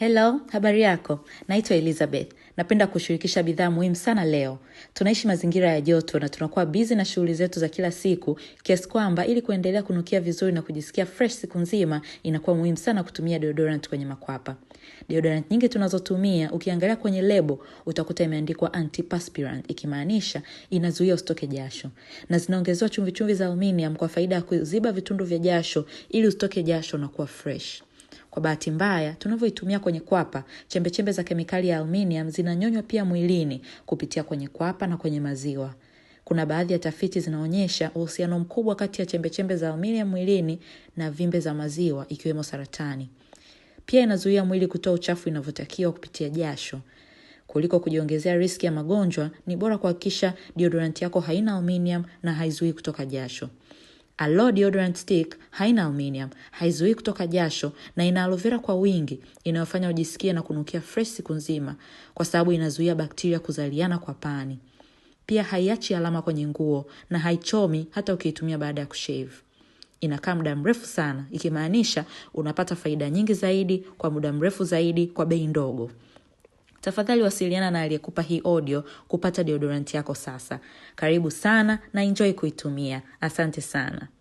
Hello, habari yako? Naitwa Elizabeth. Napenda kushirikisha bidhaa muhimu sana leo. Tunaishi mazingira ya joto na tunakuwa bizi na shughuli zetu za kila siku kiasi kwamba ili kuendelea kunukia vizuri na kujisikia fresh siku nzima inakuwa muhimu sana kutumia deodorant kwenye makwapa. Deodorant nyingi tunazotumia ukiangalia kwenye lebo utakuta imeandikwa antiperspirant ikimaanisha inazuia usitoke jasho. Na zinaongezewa chumvi chumvi za aluminium kwa faida ya kuziba vitundu vya jasho ili usitoke jasho na kuwa fresh. Kwa bahati mbaya, tunavyoitumia kwenye kwapa, chembechembe za kemikali ya aluminium zinanyonywa pia mwilini kupitia kwenye kwapa na kwenye maziwa. Kuna baadhi ya tafiti zinaonyesha uhusiano mkubwa kati ya chembechembe za aluminium mwilini na vimbe za maziwa ikiwemo saratani. Pia inazuia mwili kutoa uchafu inavyotakiwa kupitia jasho. Kuliko kujiongezea riski ya magonjwa, ni bora kuhakikisha diodoranti yako haina aluminium na haizui kutoka jasho low deodorant stick haina aluminium, haizuii kutoka jasho na ina aloe vera kwa wingi inayofanya ujisikie na kunukia fresh siku nzima kwa sababu inazuia bakteria kuzaliana kwa pani. Pia haiachi alama kwenye nguo na haichomi hata ukiitumia baada ya kushave. Inakaa muda mrefu sana, ikimaanisha unapata faida nyingi zaidi kwa muda mrefu zaidi kwa bei ndogo tafadhali wasiliana na aliyekupa hii audio kupata deodorant yako sasa. Karibu sana na enjoy kuitumia. Asante sana.